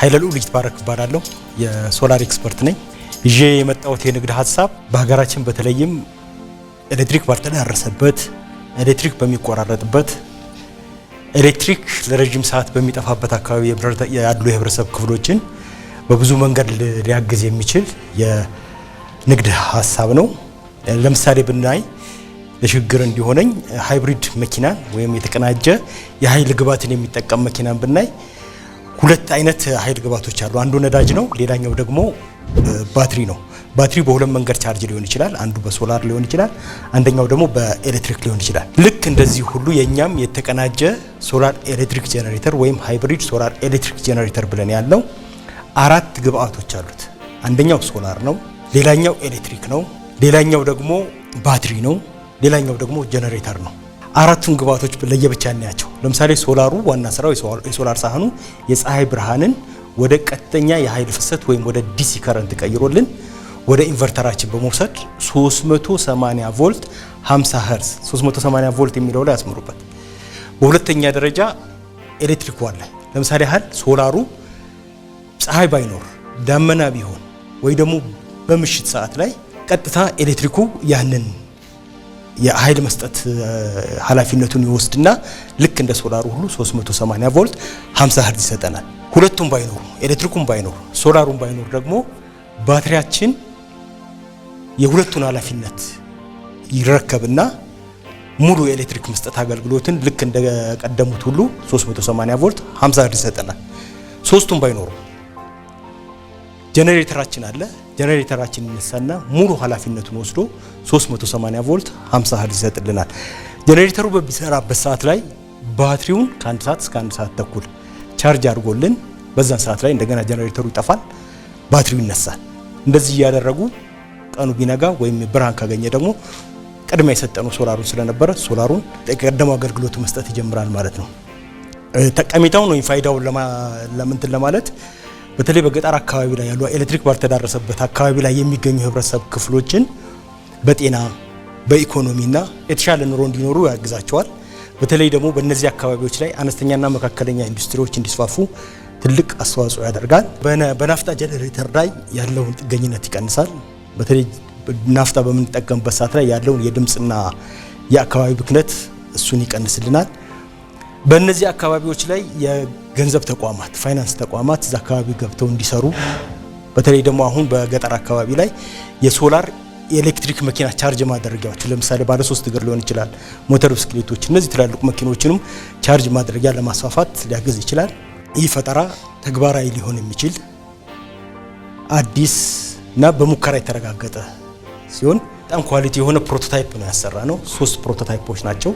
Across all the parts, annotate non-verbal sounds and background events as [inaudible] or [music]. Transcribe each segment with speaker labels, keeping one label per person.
Speaker 1: ኃይለ ልዑል ይትባረክ እባላለሁ። የሶላር ኤክስፐርት ነኝ። ይዤ የመጣሁት የንግድ ሀሳብ በሀገራችን በተለይም ኤሌክትሪክ ባልተዳረሰበት፣ ኤሌክትሪክ በሚቆራረጥበት፣ ኤሌክትሪክ ለረጅም ሰዓት በሚጠፋበት አካባቢ ያሉ የህብረተሰብ ክፍሎችን በብዙ መንገድ ሊያግዝ የሚችል የንግድ ሀሳብ ነው። ለምሳሌ ብናይ ለሽግግር እንዲሆነኝ ሃይብሪድ መኪናን ወይም የተቀናጀ የኃይል ግባትን የሚጠቀም መኪናን ብናይ ሁለት አይነት ኃይል ግባቶች አሉ። አንዱ ነዳጅ ነው፣ ሌላኛው ደግሞ ባትሪ ነው። ባትሪ በሁለት መንገድ ቻርጅ ሊሆን ይችላል። አንዱ በሶላር ሊሆን ይችላል፣ አንደኛው ደግሞ በኤሌክትሪክ ሊሆን ይችላል። ልክ እንደዚህ ሁሉ የእኛም የተቀናጀ ሶላር ኤሌክትሪክ ጄኔሬተር ወይም ሃይብሪድ ሶላር ኤሌክትሪክ ጄኔሬተር ብለን ያለው አራት ግብአቶች አሉት። አንደኛው ሶላር ነው፣ ሌላኛው ኤሌክትሪክ ነው፣ ሌላኛው ደግሞ ባትሪ ነው፣ ሌላኛው ደግሞ ጄኔሬተር ነው። አራቱን ግብአቶች ለየብቻ እናያቸው። ለምሳሌ ሶላሩ ዋና ስራው የሶላር ሳህኑ የፀሐይ ብርሃንን ወደ ቀጥተኛ የኃይል ፍሰት ወይም ወደ ዲሲ ከረንት ቀይሮልን ወደ ኢንቨርተራችን በመውሰድ 380 ቮልት 50 ሄርዝ 380 ቮልት የሚለው ላይ ያስምሩበት። በሁለተኛ ደረጃ ኤሌክትሪኩ አለ። ለምሳሌ ያህል ሶላሩ ፀሐይ ባይኖር ዳመና ቢሆን ወይ ደግሞ በምሽት ሰዓት ላይ ቀጥታ ኤሌክትሪኩ ያንን የኃይል መስጠት ኃላፊነቱን ይወስድና ልክ እንደ ሶላሩ ሁሉ 380 ቮልት 50 ሀርድ ይሰጠናል። ሁለቱም ባይኖሩ ኤሌክትሪኩም ባይኖር ሶላሩም ባይኖር ደግሞ ባትሪያችን የሁለቱን ኃላፊነት ይረከብና ሙሉ የኤሌክትሪክ መስጠት አገልግሎትን ልክ እንደቀደሙት ሁሉ 380 ቮልት 50 ሀርድ ይሰጠናል። ሶስቱም ባይኖሩም። ጀነሬተራችን አለ። ጀኔሬተራችን ይነሳና ሙሉ ኃላፊነቱን ወስዶ 380 ቮልት 50 ሀርዝ ይሰጥልናል። ጀነሬተሩ በሚሰራበት ሰዓት ላይ ባትሪውን ከአንድ ሰዓት እስከ አንድ ሰዓት ተኩል ቻርጅ አድርጎልን በዛን ሰዓት ላይ እንደገና ጀኔሬተሩ ይጠፋል፣ ባትሪው ይነሳል። እንደዚህ እያደረጉ ቀኑ ቢነጋ ወይም ብርሃን ካገኘ ደግሞ ቅድሚያ የሰጠነው ሶላሩን ስለነበረ ሶላሩን ቀደመው አገልግሎት መስጠት ይጀምራል ማለት ነው። ጠቀሜታውን ወይም ፋይዳውን ለምንትን ለማለት በተለይ በገጠር አካባቢ ላይ ያሉ ኤሌክትሪክ ባልተዳረሰበት አካባቢ ላይ የሚገኙ ህብረተሰብ ክፍሎችን በጤና በኢኮኖሚና የተሻለ ኑሮ እንዲኖሩ ያግዛቸዋል። በተለይ ደግሞ በእነዚህ አካባቢዎች ላይ አነስተኛና መካከለኛ ኢንዱስትሪዎች እንዲስፋፉ ትልቅ አስተዋጽኦ ያደርጋል። በናፍጣ ጀኔሬተር ላይ ያለውን ጥገኝነት ይቀንሳል። በተለይ ናፍጣ በምንጠቀምበት ሰዓት ላይ ያለውን የድምፅና የአካባቢ ብክነት እሱን ይቀንስልናል። በእነዚህ አካባቢዎች ላይ ገንዘብ ተቋማት፣ ፋይናንስ ተቋማት እዛ አካባቢ ገብተው እንዲሰሩ በተለይ ደግሞ አሁን በገጠር አካባቢ ላይ የሶላር የኤሌክትሪክ መኪና ቻርጅ ማድረጊያዎች ለምሳሌ ባለ ሶስት እግር ሊሆን ይችላል፣ ሞተር ብስክሌቶች፣ እነዚህ ትላልቅ መኪኖችንም ቻርጅ ማድረጊያ ለማስፋፋት ሊያግዝ ይችላል። ይህ ፈጠራ ተግባራዊ ሊሆን የሚችል አዲስ እና በሙከራ የተረጋገጠ ሲሆን በጣም ኳሊቲ የሆነ ፕሮቶታይፕ ነው ያሰራ ነው። ሶስት ፕሮቶታይፖች ናቸው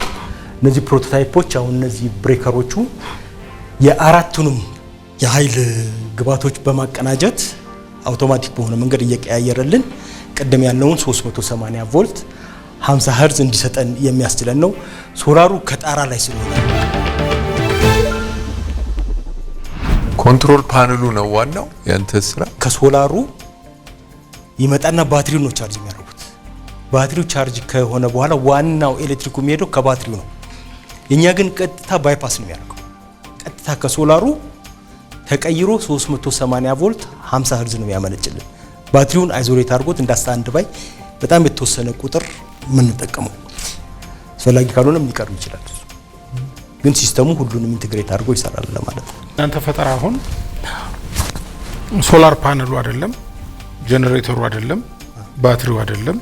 Speaker 1: እነዚህ ፕሮቶታይፖች። አሁን እነዚህ ብሬከሮቹ የአራቱንም የኃይል ግባቶች በማቀናጀት አውቶማቲክ በሆነ መንገድ እየቀያየረልን ቅድም ያለውን 380 ቮልት 50 ሀርዝ እንዲሰጠን የሚያስችለን ነው። ሶላሩ ከጣራ ላይ ስለሆነ
Speaker 2: ኮንትሮል ፓነሉ ነው ዋናው ያንተ ስራ። ከሶላሩ ይመጣና
Speaker 1: ባትሪው ነው ቻርጅ የሚያደርጉት። ባትሪው ቻርጅ ከሆነ በኋላ ዋናው ኤሌክትሪኩ የሚሄደው ከባትሪው ነው። የእኛ ግን ቀጥታ ባይፓስ ነው የሚያደርገው ቀጥታ ከሶላሩ ተቀይሮ 380 ቮልት 50 ሄርዝ ነው ያመነጭልን። ባትሪውን አይዞሌት አድርጎት እንደ ስታንድ ባይ በጣም የተወሰነ ቁጥር የምንጠቀመው አስፈላጊ ካልሆነም ሊቀርብ ይችላል። ግን ሲስተሙ ሁሉንም ኢንትግሬት አድርጎ ይሰራል ለማለት ነው።
Speaker 3: እናንተ ፈጠራ አሁን ሶላር ፓነሉ አይደለም፣
Speaker 1: ጀኔሬተሩ አይደለም፣
Speaker 3: ባትሪው አይደለም።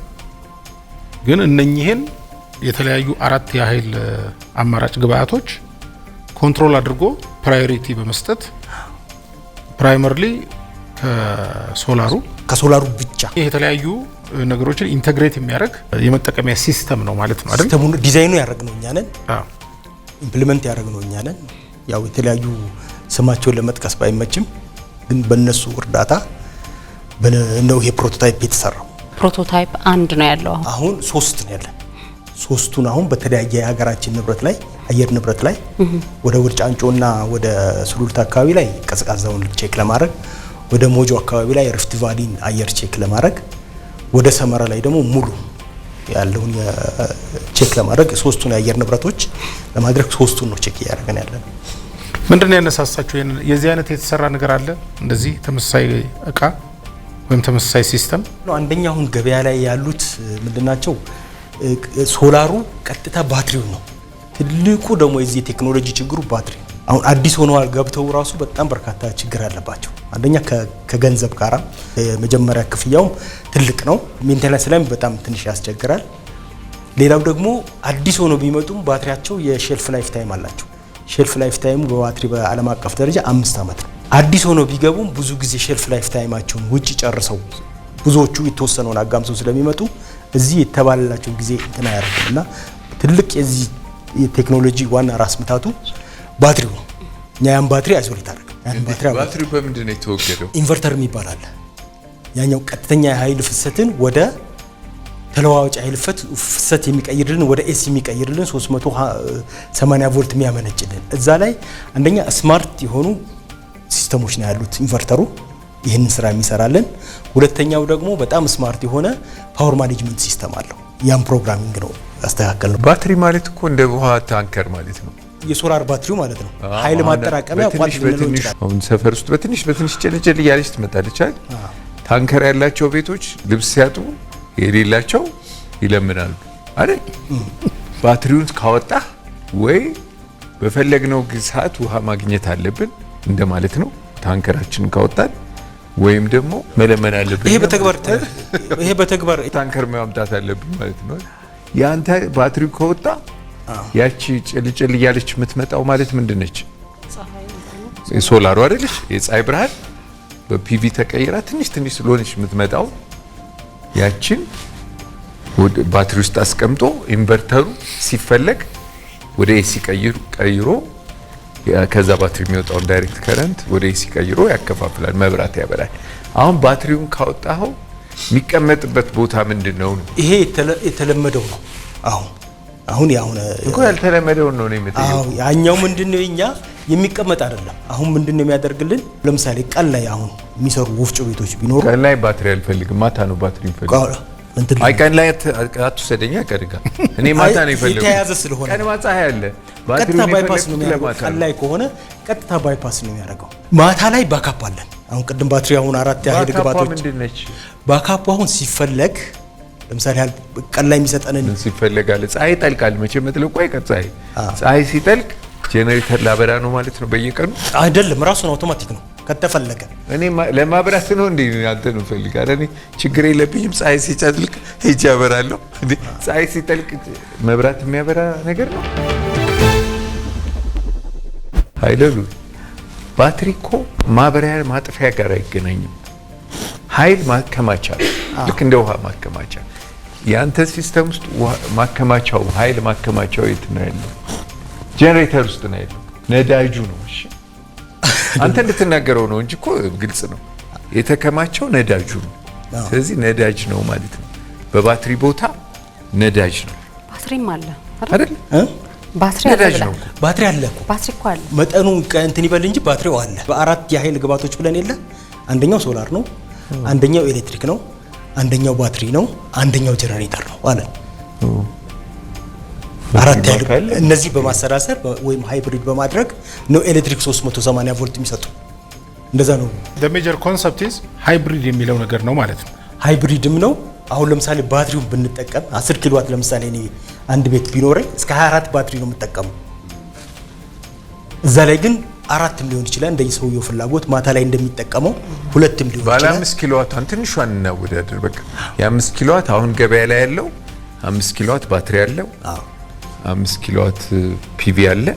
Speaker 3: ግን እነኚህን የተለያዩ አራት የኃይል አማራጭ ግብአቶች ኮንትሮል አድርጎ ፕራዮሪቲ በመስጠት ፕራይመርሊ ከሶላሩ ከሶላሩ ብቻ ይህ የተለያዩ
Speaker 1: ነገሮችን ኢንተግሬት የሚያደርግ የመጠቀሚያ ሲስተም ነው ማለት ነው አይደል? ሲስተሙን ዲዛይኑ ነው እኛ ነን፣ ኢምፕሊመንት ያደረግነው እኛ ነን። ያው የተለያዩ ስማቸውን ለመጥቀስ ባይመችም ግን በእነሱ እርዳታ ነው ይሄ ፕሮቶታይፕ የተሰራው።
Speaker 4: ፕሮቶታይፕ አንድ ነው ያለው፣ አሁን
Speaker 1: ሶስት ነው ያለን። ሶስቱን አሁን በተለያየ የሀገራችን ንብረት ላይ አየር ንብረት ላይ ወደ ውርጫንጮና ወደ ሱሉልታ አካባቢ ላይ ቀዝቃዛውን ቼክ ለማድረግ ወደ ሞጆ አካባቢ ላይ ሪፍት ቫሊን አየር ቼክ ለማድረግ ወደ ሰመራ ላይ ደግሞ ሙሉ ያለውን ቼክ ለማድረግ ሶስቱን የአየር ንብረቶች ለማድረግ ሶስቱን ነው ቼክ እያደረገን ያለን።
Speaker 3: ምንድን ነው ያነሳሳችሁ? የዚህ አይነት
Speaker 1: የተሰራ ነገር አለ
Speaker 3: እንደዚህ ተመሳሳይ እቃ ወይም ተመሳሳይ ሲስተም
Speaker 1: ነው። አንደኛ አሁን ገበያ ላይ ያሉት ምንድናቸው? ሶላሩ ቀጥታ ባትሪው ነው ትልቁ ደግሞ የዚህ የቴክኖሎጂ ችግሩ ባትሪ ነው። አሁን አዲስ ሆነዋል ገብተው ራሱ በጣም በርካታ ችግር አለባቸው። አንደኛ ከገንዘብ ጋራ የመጀመሪያ ክፍያውም ትልቅ ነው። ሜንቴናንስ ላይም በጣም ትንሽ ያስቸግራል። ሌላው ደግሞ አዲስ ሆኖ ቢመጡም ባትሪያቸው የሼልፍ ላይፍ ታይም አላቸው። ሼልፍ ላይፍ ታይሙ በባትሪ በዓለም አቀፍ ደረጃ አምስት ዓመት ነው። አዲስ ሆኖ ቢገቡም ብዙ ጊዜ ሼልፍ ላይፍ ታይማቸውን ውጭ ጨርሰው ብዙዎቹ የተወሰነውን አጋምሰው ስለሚመጡ እዚህ የተባለላቸውን ጊዜ እንትን አያደርጉም እና ትልቅ የዚህ የቴክኖሎጂ ዋና ራስ ምታቱ ባትሪው ነው። እኛ ያን ባትሪ አይሶሌት አደረግ ባትሪ
Speaker 2: በምንድን ነው የተወገደው?
Speaker 1: ኢንቨርተር የሚባል አለ። ያኛው ቀጥተኛ የኃይል ፍሰትን ወደ ተለዋዋጭ ኃይል ፍሰት የሚቀይርልን ወደ ኤሲ የሚቀይርልን 380 ቮልት የሚያመነጭልን እዛ ላይ አንደኛ ስማርት የሆኑ ሲስተሞች ነው ያሉት ኢንቨርተሩ ይህንን ስራ የሚሰራልን። ሁለተኛው ደግሞ በጣም ስማርት የሆነ ፓወር ማኔጅመንት ሲስተም አለው። ያም ፕሮግራሚንግ ነው ያስተካከል ነው።
Speaker 2: ባትሪ ማለት እኮ እንደ ውሃ ታንከር ማለት ነው። የሶላር ባትሪው ማለት ነው። ኃይል ማጠራቀሚያ ቋት ልንለው ይችላል። አሁን ሰፈር ውስጥ በትንሽ በትንሽ ጨልጨል እያለች ትመጣለች። ታንከር ያላቸው ቤቶች ልብስ ሲያጡ የሌላቸው ይለምናሉ አይደል? ባትሪውን ካወጣ ወይ በፈለግነው ሰዓት ውሃ ማግኘት አለብን እንደማለት ነው። ታንከራችንን ካወጣን ወይም ደግሞ መለመን አለብን። ይሄ በተግባር ይሄ በተግባር ታንከር ማምጣት አለብን ማለት ነው። የአንተ ባትሪ ከወጣ ያቺ ጭልጭል እያለች የምትመጣው ማለት ምንድን ነች? ሶላሩ አይደለች? የፀሐይ ብርሃን በፒቪ ተቀይራ ትንሽ ትንሽ ስለሆነች የምትመጣው ያችን ባትሪ ውስጥ አስቀምጦ ኢንቨርተሩ ሲፈለግ ወደ ኤሲ ቀይሮ ከዛ ባትሪ የሚወጣውን ዳይሬክት ከረንት ወደ ኤሲ ቀይሮ ያከፋፍላል፣ መብራት ያበራል። አሁን ባትሪውን ካወጣኸው የሚቀመጥበት ቦታ ምንድን ነው? ይሄ የተለመደው ነው። አሁን አሁን ያሁን እኮ
Speaker 1: ያልተለመደውን ነው ነው የምትይው። ያኛው ነው? እኛ የሚቀመጥ አይደለም። አሁን ምንድነው የሚያደርግልን?
Speaker 2: ለምሳሌ ቀን ላይ አሁን የሚሰሩ ወፍጮ ቤቶች ቢኖሩ ቀን ላይ ባትሪ አልፈልግም፣ ማታ ነው ባትሪ ፈልግ አይ ቀን ላይ አትውሰደኝ። አይቀን ጋር እኔ ማታ ነው የፈለጉት የተያዘ ስለሆነ ቀን
Speaker 1: ማታ ያለ ቀጥታ ባይፓስ ነው የሚያደርገው። ቀን ላይ ከሆነ ቀጥታ ባይፓስ ነው የሚያደርገው። ማታ ላይ ባካፕ አለን። አሁን ቅድም ባትሪ አሁን አራት ያህል ግባቶች ባካፕ አሁን ሲፈለግ
Speaker 2: ለምሳሌ ያህል ቀን ላይ የሚሰጠንን ሲፈለግ አለ። ፀሐይ ይጠልቃል መቼ መጥለቁ አይቀር ፀሐይ ሲጠልቅ ጄኔሬተር ላበራ ነው ማለት ነው በየቀኑ አይደለም። ራሱን አውቶማቲክ ነው ከተፈለገ እኔ ለማብራት ነው እንዴ አንተ ነው ፈልግ። ኧረ እኔ ችግር የለብኝም። ፀሐይ ሲጨልቅ ሄጄ ያበራለሁ። ፀሐይ ሲጠልቅ መብራት የሚያበራ ነገር ነው አይደሉ? ባትሪ እኮ ማብሪያ ማጥፊያ ጋር አይገናኝም። ኃይል ማከማቻ ልክ እንደ ውሃ ማከማቻ የአንተ ሲስተም ውስጥ ማከማቻው ኃይል ማከማቻው የት ነው ያለው? ጄኔሬተር ውስጥ ነው ያለው፣ ነዳጁ ነው። እሺ [laughs] አንተ እንድትናገረው ነው እንጂ እኮ ግልጽ ነው። የተከማቸው ነዳጁ ነው። ስለዚህ ነዳጅ ነው ማለት ነው። በባትሪ ቦታ ነዳጅ ነው።
Speaker 4: ባትሪም አለ አይደል? ባትሪ አለ ባትሪ አለ እኮ ባትሪ እኮ አለ።
Speaker 1: መጠኑ እንትን ይበል እንጂ ባትሪው አለ። በአራት የኃይል ግብአቶች ብለን የለ አንደኛው ሶላር ነው፣ አንደኛው ኤሌክትሪክ ነው፣ አንደኛው ባትሪ ነው፣ አንደኛው ጀነሬተር ነው አለ። አራት ያሉ እነዚህ በማሰራሰር ወይም ሃይብሪድ በማድረግ ነው ኤሌክትሪክ 380 ቮልት የሚሰጡ እንደዛ ነው። ሜጀር ኮንሰፕት ኢዝ ሃይብሪድ የሚለው ነገር ነው ማለት ነው። ሃይብሪድም ነው። አሁን ለምሳሌ ባትሪውን ብንጠቀም 10 ኪሎ ዋት ለምሳሌ እኔ አንድ ቤት ቢኖረኝ እስከ 24 ባትሪ ነው የምጠቀመው። እዛ ላይ ግን አራትም ሊሆን ይችላል እንደ ሰውየው ፍላጎት፣
Speaker 2: ማታ ላይ እንደሚጠቀመው ሁለትም ሊሆን ይችላል። ባለ 5 ኪሎ ዋት ትንሿን እናወዳደር። በቃ የ5 ኪሎ ዋት አሁን ገበያ ላይ ያለው 5 ኪሎ ዋት ባትሪ ያለው አምስት ኪሎዋት ፒቪ አለ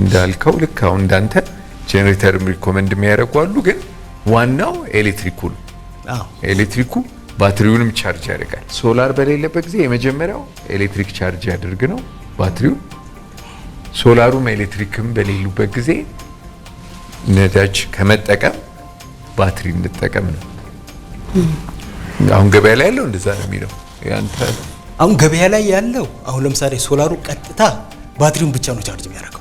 Speaker 2: እንዳልከው ልክ አሁን እንዳንተ ጄኔሬተር ሪኮመንድ የሚያደርጉ አሉ። ግን ዋናው ኤሌክትሪኩ ነው። ኤሌክትሪኩ ባትሪውንም ቻርጅ ያደርጋል። ሶላር በሌለበት ጊዜ የመጀመሪያው ኤሌክትሪክ ቻርጅ ያደርግ ነው ባትሪው። ሶላሩም ኤሌክትሪክም በሌሉበት ጊዜ ነዳጅ ከመጠቀም ባትሪ እንጠቀም ነው። አሁን ገበያ ላይ ያለው እንደዛ ነው የሚለው ያንተ
Speaker 1: አሁን ገበያ ላይ ያለው አሁን ለምሳሌ ሶላሩ ቀጥታ ባትሪውን ብቻ ነው ቻርጅ የሚያደርገው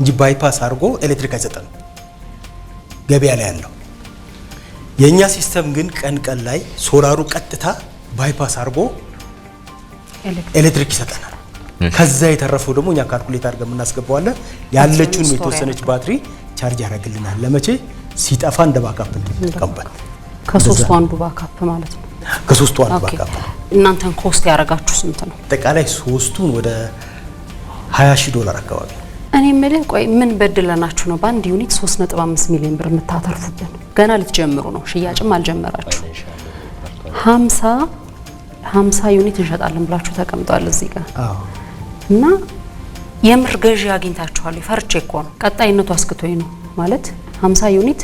Speaker 1: እንጂ ባይፓስ አድርጎ ኤሌክትሪክ አይሰጠንም ገበያ ላይ ያለው። የእኛ ሲስተም ግን ቀን ቀን ላይ ሶላሩ ቀጥታ ባይፓስ አድርጎ ኤሌክትሪክ ይሰጠናል። ከዛ የተረፈው ደግሞ እኛ ካልኩሌት አድርገን የምናስገባዋለን። ያለችውን የተወሰነች ባትሪ ቻርጅ ያደርግልናል። ለመቼ ሲጠፋ እንደ ባካፕ
Speaker 4: እንድንጠቀምበት ከሶስቱ አንዱ ባካፕ ማለት ነው።
Speaker 1: ከሶስቱ አንዱ ባካፕ
Speaker 4: እናንተን ኮስት ያደረጋችሁ ስንት ነው?
Speaker 1: አጠቃላይ ሶስቱን ወደ 20 ሺህ ዶላር አካባቢ።
Speaker 4: እኔ የምልህ ቆይ ምን በድለናችሁ ነው በአንድ ዩኒት 3.5 ሚሊዮን ብር የምታተርፉብን? ገና ልትጀምሩ ነው፣ ሽያጭም አልጀመራችሁ። 50 50 ዩኒት እንሸጣለን ብላችሁ ተቀምጧል እዚህ ጋር እና የምር ገዢ አግኝታችኋል። ፈርቼ እኮ ነው ቀጣይነቱ አስክቶኝ ነው ማለት 50 ዩኒት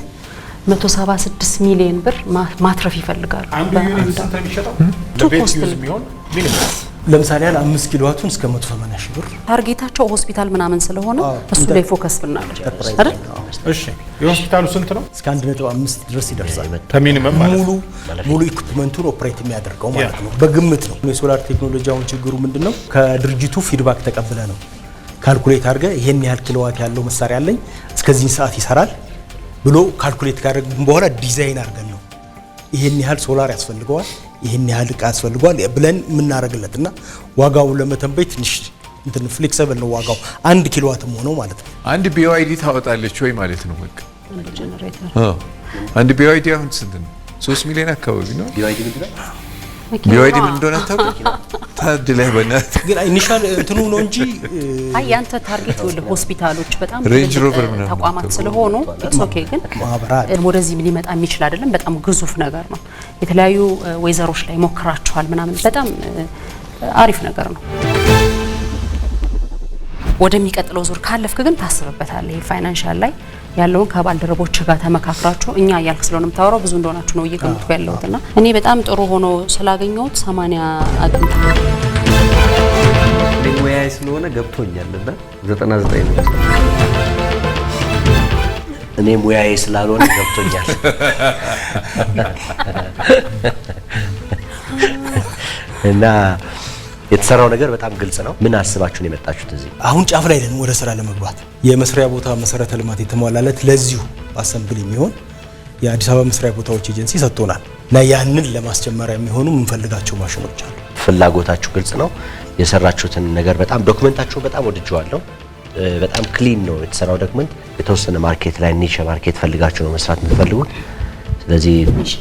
Speaker 4: 176 ሚሊዮን ብር ማትረፍ ይፈልጋሉ።
Speaker 1: ቱ ኮስት ለምሳሌ ያህል አምስት ኪሎዋቱን እስከ 180 ሺህ ብር
Speaker 4: ታርጌታቸው ሆስፒታል ምናምን ስለሆነ እሱ ላይ ፎከስ ብናደርግ አይደል?
Speaker 1: እሺ የሆስፒታሉ ስንት ነው? እስከ 1.5 ድረስ ይደርሳል። ከሚኒመም ሙሉ ሙሉ ኢኩፕመንቱን ኦፕሬት የሚያደርገው ማለት ነው። በግምት ነው። የሶላር ቴክኖሎጂ አሁን ችግሩ ምንድነው? ከድርጅቱ ፊድባክ ተቀብለ ነው ካልኩሌት አድርገ ይሄን ያህል ኪሎዋት ያለው መሳሪያ አለኝ እስከዚህን ሰዓት ይሰራል ብሎ ካልኩሌት ካደረግን በኋላ ዲዛይን አድርገን ነው ይሄን ያህል ሶላር ያስፈልገዋል፣ ይሄን ያህል እቃ ያስፈልገዋል ብለን የምናደርግለት እና ዋጋው ለመተንበይ ትንሽ እንትን
Speaker 2: ፍሌክሰብል ነው ዋጋው አንድ ኪሎዋትም ሆነው ማለት ነው። አንድ ቢዋይዲ ታወጣለች ወይ ማለት ነው። በቃ አንድ ቢዋይዲ አሁን ስንት ነው? ሶስት ሚሊዮን አካባቢ ነው ቢዋይዲ
Speaker 4: ቢወይዲ ምን እንደሆነ ታውቅ
Speaker 2: ታድለህ በእናትህ ግን
Speaker 1: ኢኒሻል እንትኑ ነው እንጂ
Speaker 4: አይ ያንተ ታርጌት ወደ ሆስፒታሎች በጣም ሬንጅ ሮቨር ምናምን ተቋማት ስለሆኑ ኢትስ ኦኬ። ግን ወደዚህ ምን ሊመጣ የሚችል አይደለም። በጣም ግዙፍ ነገር ነው። የተለያዩ ወይዘሮች ላይ ሞክራችኋል ምናምን፣ በጣም አሪፍ ነገር ነው። ወደሚቀጥለው ዙር ካለፍክ ግን ታስብበታለህ ይሄ ፋይናንሻል ላይ ያለውን ከባልደረቦች ጋር ተመካክራችሁ እኛ እያልክ ስለሆነ የምታወራው ብዙ እንደሆናችሁ ነው እየገመትኩ ያለሁት እና እኔ በጣም ጥሩ ሆኖ ስላገኘሁት ሰማንያ አግኝት ሊወያይ ስለሆነ
Speaker 1: ገብቶኛል እና ዘጠና ዘጠኝ ነው እኔ ሙያዬ ስላልሆነ ገብቶኛል። [laughs] እና የተሰራው ነገር በጣም ግልጽ ነው። ምን አስባችሁ ነው የመጣችሁት እዚህ? አሁን ጫፍ ላይ ነን ወደ ስራ ለመግባት የመስሪያ ቦታ መሰረተ ልማት የተሟላለት ለዚሁ አሰምብል የሚሆን የአዲስ አበባ መስሪያ ቦታዎች ኤጀንሲ ሰጥቶናል እና ያንን ለማስጀመሪያ የሚሆኑ የምንፈልጋቸው ማሽኖች አሉ። ፍላጎታችሁ ግልጽ ነው። የሰራችሁትን ነገር በጣም ዶክመንታችሁ በጣም ወድጀዋለሁ። በጣም ክሊን ነው የተሰራው ዶክመንት። የተወሰነ ማርኬት ላይ ኒሽ ማርኬት ፈልጋችሁ ነው መስራት የምትፈልጉት። ስለዚህ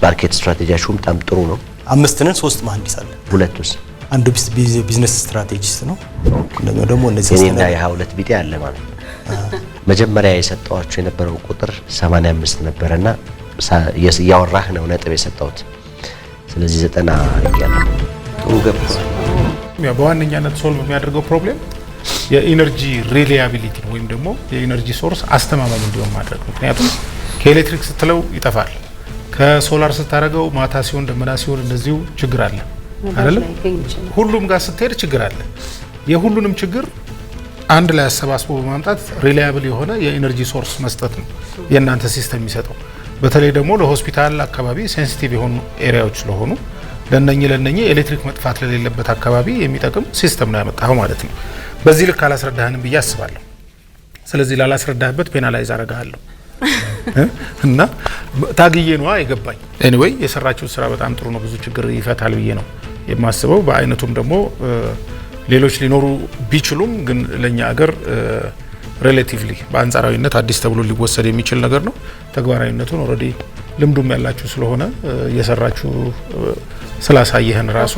Speaker 1: ማርኬት ስትራቴጂያችሁም በጣም ጥሩ ነው። አምስት ነን፣ ሶስት መሀንዲስ አለ። ሁለት ውስጥ አንዱ ቢዝነስ ስትራቴጂስት ነው። እንደኛው ደግሞ እነዚህ እኔና ሁለት
Speaker 4: ቢጤ አለ ማለት ነው።
Speaker 1: መጀመሪያ የሰጠዋቸው የነበረው ቁጥር 85 ነበረና እያወራህ ነው ነጥብ የሰጠሁት። ስለዚህ ዘጠና ያለው ጥሩ ገብቷል።
Speaker 3: በዋነኛነት ሶልቭ የሚያደርገው ፕሮብሌም የኢነርጂ ሪሊያቢሊቲ ወይም ደግሞ የኢነርጂ ሶርስ አስተማማኝ እንዲሆን ማድረግ። ምክንያቱም ከኤሌክትሪክ ስትለው ይጠፋል፣ ከሶላር ስታደርገው ማታ ሲሆን ደመና ሲሆን እንደዚሁ ችግር አለ። አይደለም ሁሉም ጋር ስትሄድ ችግር አለ። የሁሉንም ችግር አንድ ላይ አሰባስቦ በማምጣት ሪላያብል የሆነ የኢነርጂ ሶርስ መስጠት ነው የእናንተ ሲስተም የሚሰጠው። በተለይ ደግሞ ለሆስፒታል አካባቢ ሴንሲቲቭ የሆኑ ኤሪያዎች ስለሆኑ ለነኚህ ለነኚህ ኤሌክትሪክ መጥፋት ለሌለበት አካባቢ የሚጠቅም ሲስተም ነው ያመጣው ማለት ነው። በዚህ ልክ አላስረዳህንም ብዬ አስባለሁ። ስለዚህ ላላስረዳህበት ፔናላይዝ አረጋለሁ [laughs] እና ታግዬ ነዋ የገባኝ። ኤኒዌይ የሰራችው ስራ በጣም ጥሩ ነው። ብዙ ችግር ይፈታል ብዬ ነው የማስበው። በአይነቱም ደግሞ ሌሎች ሊኖሩ ቢችሉም ግን ለእኛ ሀገር ሬሌቲቭሊ በአንጻራዊነት አዲስ ተብሎ ሊወሰድ የሚችል ነገር ነው። ተግባራዊነቱን ኦልሬዲ ልምዱም ያላችሁ ስለሆነ እየሰራችሁ ስላሳየህን ራሱ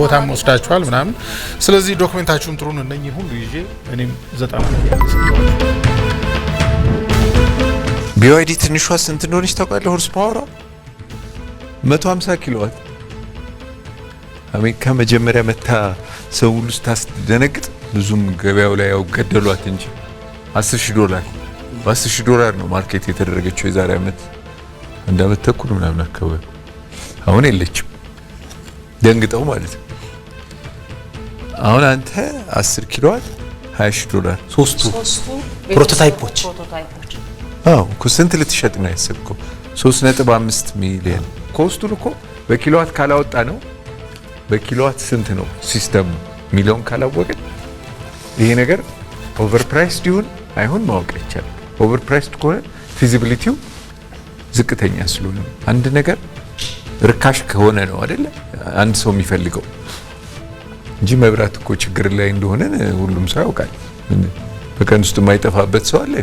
Speaker 3: ቦታም ወስዳችኋል ምናምን። ስለዚህ ዶክሜንታችሁም ጥሩን እነኚህ ሁሉ ይዤ እኔም ዘጠና
Speaker 2: ቢዋይዲ ትንሿ ስንት እንደሆነች ታውቃለህ? ሆርስ ፓወሯ 150 ኪሎዋት አሜሪካ መጀመሪያ መታ ሰው ሁሉ ስታስደነግጥ ብዙም ገበያው ላይ ያው ገደሏት እንጂ 10 ዶላር በ10 ዶላር ነው ማርኬት የተደረገችው የዛሬ አመት አንድ አመት ተኩል ምናምን አካባቢ። አሁን የለችም ደንግጠው ማለት ነው። አሁን አንተ 10 ኪሎዋት 20 ዶላር ሶስቱ ፕሮቶታይፖች አዎ ስንት ልትሸጥ ነው ያሰብከው? 3.5 ሚሊዮን ኮስቱን እኮ በኪሎዋት ካላወጣ ነው በኪሎዋት ስንት ነው ሲስተሙ የሚለውን ካላወቅን ይሄ ነገር ኦቨር ፕራይስድ ይሁን አይሁን ማወቅ አይቻልም። ኦቨር ፕራይስድ ከሆነ ፊዚቢሊቲው ዝቅተኛ ስለሆነ አንድ ነገር ርካሽ ከሆነ ነው አይደለ አንድ ሰው የሚፈልገው እንጂ መብራት እኮ ችግር ላይ እንደሆነ ሁሉም ሰው ያውቃል። በቀን ውስጥ የማይጠፋበት ሰው አለ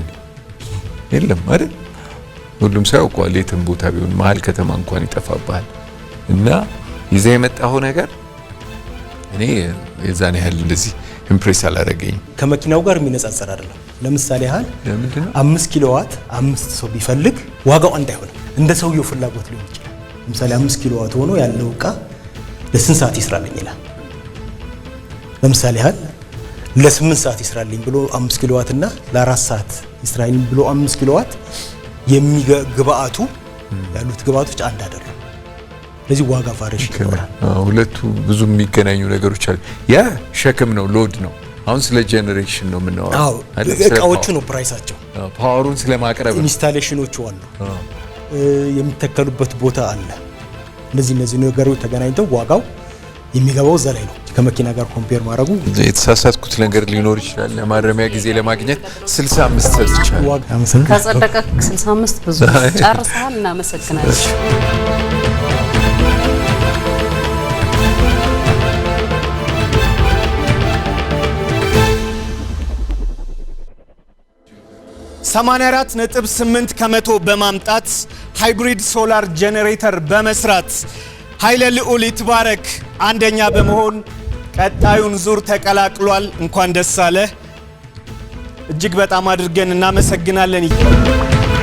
Speaker 2: የለም አይደል? ሁሉም ሰው ያውቀዋል። የትም ቦታ ቢሆን መሀል ከተማ እንኳን ይጠፋብሃል እና ይዘህ የመጣኸው ነገር እኔ የዛን ያህል እንደዚህ ኢምፕሬስ አላደረገኝ።
Speaker 1: ከመኪናው ጋር የሚነጻጸር አይደለም። ለምሳሌ ያህል አምስት ኪሎ ዋት አምስት ሰው ቢፈልግ ዋጋው አንድ አይሆንም። እንደ ሰውየው ፍላጎት ሊሆን ይችላል። ለምሳሌ አምስት ኪሎ ዋት ሆኖ ያለው እቃ ለስንት ሰዓት ይስራልኝ ይላል። ለምሳሌ ያህል ለስምንት ሰዓት ይስራልኝ ብሎ አምስት ኪሎዋት ዋት እና ለአራት ሰዓት ይስራልኝ ብሎ አምስት ኪሎዋት ዋት ያሉት ግብአቶች አንድ አይደለም። ለዚህ ዋጋ ፋረሽ ይኖራል።
Speaker 2: ሁለቱ ብዙ የሚገናኙ ነገሮች አሉ። ያ ሸክም ነው፣ ሎድ ነው። አሁን ስለ ጄኔሬሽን ነው የምናወራው። እቃዎቹ ነው ፕራይሳቸው፣ ፓወሩን ስለማቅረብ ነው።
Speaker 1: ኢንስታሌሽኖቹ አሉ፣ የሚተከሉበት ቦታ አለ። እነዚህ እነዚህ ነገሮች ተገናኝተው ዋጋው የሚገባው እዛ ላይ ነው። ከመኪና ጋር ኮምፔር ማድረጉ
Speaker 2: የተሳሳትኩት ነገር ሊኖር ይችላል። ለማረሚያ ጊዜ ለማግኘት 65 ሰጥቻለሁ። ከጸደቀ
Speaker 4: 65 ብዙ ጨርሰሃል። እናመሰግናለን።
Speaker 1: 84.8 ከመቶ በማምጣት ሃይብሪድ ሶላር ጄኔሬተር በመስራት ኃይለ ልዑል ይትባረክ አንደኛ በመሆን ቀጣዩን ዙር ተቀላቅሏል። እንኳን ደስ አለህ። እጅግ በጣም አድርገን እናመሰግናለን።